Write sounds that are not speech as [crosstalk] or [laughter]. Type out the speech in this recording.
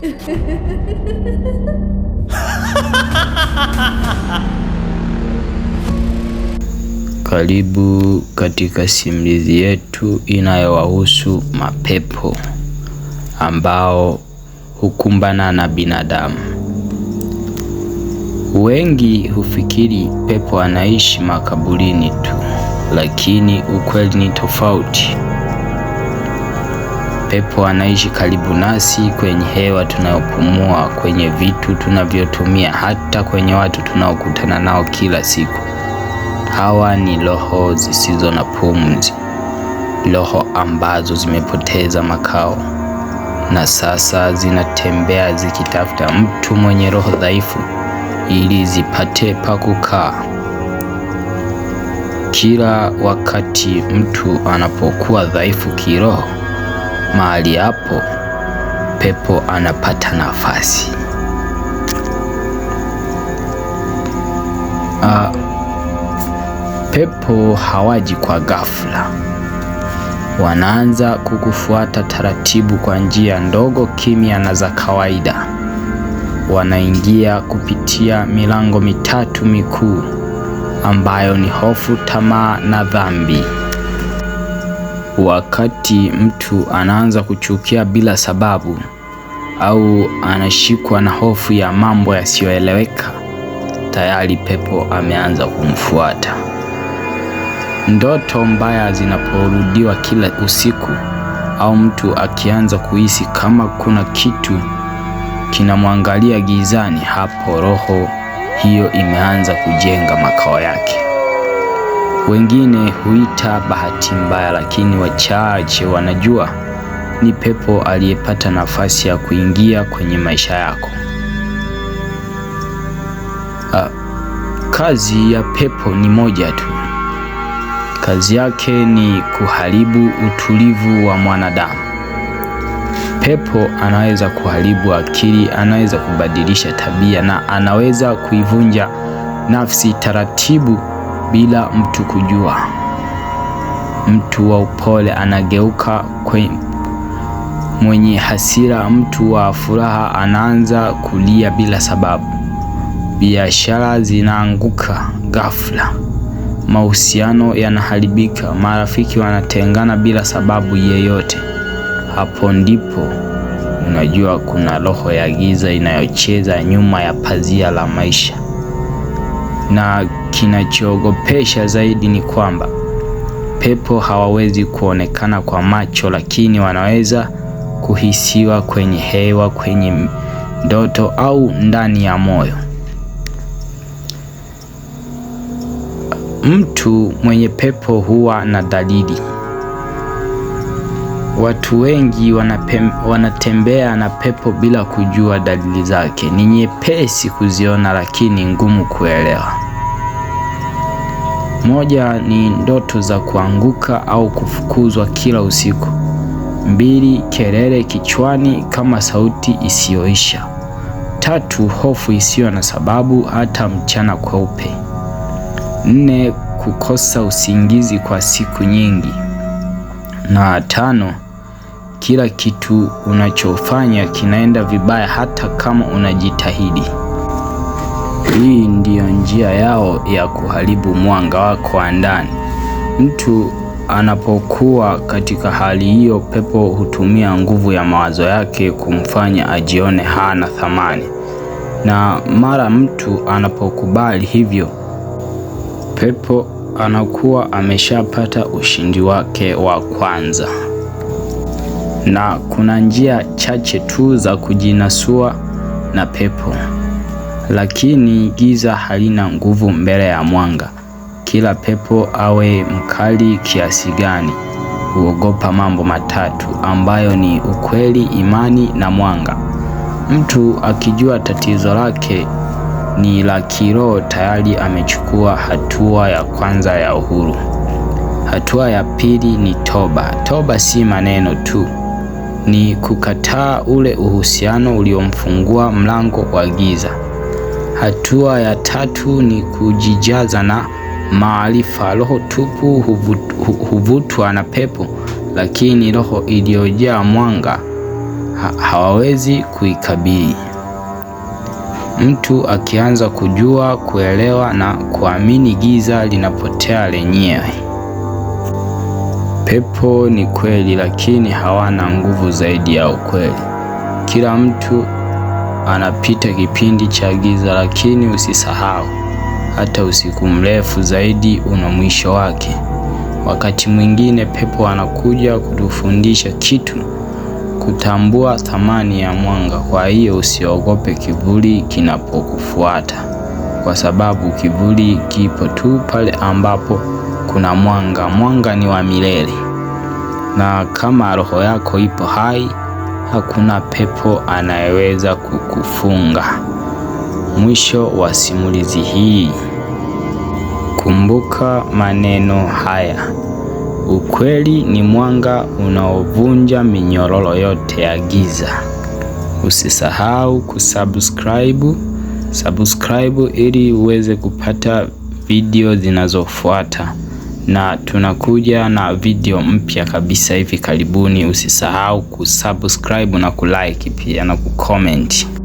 [laughs] Karibu katika simulizi yetu inayowahusu mapepo ambao hukumbana na binadamu. Wengi hufikiri pepo anaishi makaburini tu, lakini ukweli ni tofauti. Pepo anaishi karibu nasi, kwenye hewa tunayopumua, kwenye vitu tunavyotumia, hata kwenye watu tunaokutana nao kila siku. Hawa ni roho zisizo na pumzi, roho ambazo zimepoteza makao na sasa zinatembea zikitafuta mtu mwenye roho dhaifu ili zipate pa kukaa. Kila wakati mtu anapokuwa dhaifu kiroho mahali hapo pepo anapata nafasi. Uh, pepo hawaji kwa ghafla, wanaanza kukufuata taratibu, kwa njia ndogo, kimya na za kawaida. Wanaingia kupitia milango mitatu mikuu ambayo ni hofu, tamaa na dhambi wakati mtu anaanza kuchukia bila sababu au anashikwa na hofu ya mambo yasiyoeleweka, tayari pepo ameanza kumfuata. Ndoto mbaya zinaporudiwa kila usiku au mtu akianza kuhisi kama kuna kitu kinamwangalia gizani, hapo roho hiyo imeanza kujenga makao yake. Wengine huita bahati mbaya, lakini wachache wanajua ni pepo aliyepata nafasi ya kuingia kwenye maisha yako. A, ah, kazi ya pepo ni moja tu. Kazi yake ni kuharibu utulivu wa mwanadamu. Pepo anaweza kuharibu akili, anaweza kubadilisha tabia na anaweza kuivunja nafsi taratibu bila mtu kujua. Mtu wa upole anageuka mwenye hasira, mtu wa furaha anaanza kulia bila sababu. Biashara zinaanguka ghafla, mahusiano yanaharibika, marafiki wanatengana bila sababu yeyote. Hapo ndipo unajua kuna roho ya giza inayocheza nyuma ya pazia la maisha. Na Kinachoogopesha zaidi ni kwamba pepo hawawezi kuonekana kwa macho, lakini wanaweza kuhisiwa kwenye hewa, kwenye ndoto au ndani ya moyo. Mtu mwenye pepo huwa na dalili. Watu wengi wanapem, wanatembea na pepo bila kujua dalili zake. Ni nyepesi kuziona, lakini ngumu kuelewa. Moja ni ndoto za kuanguka au kufukuzwa kila usiku. Mbili, kelele kichwani kama sauti isiyoisha. Tatu, hofu isiyo na sababu hata mchana kweupe. Nne, kukosa usingizi kwa siku nyingi. Na tano, kila kitu unachofanya kinaenda vibaya hata kama unajitahidi. Hii ndiyo njia yao ya kuharibu mwanga wako wa ndani. Mtu anapokuwa katika hali hiyo, pepo hutumia nguvu ya mawazo yake kumfanya ajione hana thamani, na mara mtu anapokubali hivyo, pepo anakuwa ameshapata ushindi wake wa kwanza. Na kuna njia chache tu za kujinasua na pepo. Lakini giza halina nguvu mbele ya mwanga. Kila pepo awe mkali kiasi gani, huogopa mambo matatu ambayo ni ukweli, imani na mwanga. Mtu akijua tatizo lake ni la kiroho, tayari amechukua hatua ya kwanza ya uhuru. Hatua ya pili ni toba. Toba si maneno tu, ni kukataa ule uhusiano uliomfungua mlango wa giza. Hatua ya tatu ni kujijaza na maarifa. Roho tupu huvutwa na pepo, lakini roho iliyojaa mwanga ha hawawezi kuikabili. Mtu akianza kujua, kuelewa na kuamini, giza linapotea lenyewe. Pepo ni kweli, lakini hawana nguvu zaidi ya ukweli. Kila mtu anapita kipindi cha giza lakini usisahau, hata usiku mrefu zaidi una mwisho wake. Wakati mwingine pepo anakuja kutufundisha kitu, kutambua thamani ya mwanga. Kwa hiyo usiogope kivuli kinapokufuata, kwa sababu kivuli kipo tu pale ambapo kuna mwanga. Mwanga ni wa milele, na kama roho yako ipo hai hakuna pepo anayeweza kukufunga. Mwisho wa simulizi hii. Kumbuka maneno haya. Ukweli ni mwanga unaovunja minyororo yote ya giza. Usisahau kusubscribe, subscribe ili uweze kupata video zinazofuata na tunakuja na video mpya kabisa hivi karibuni. Usisahau kusubscribe na kulike pia na kucomment.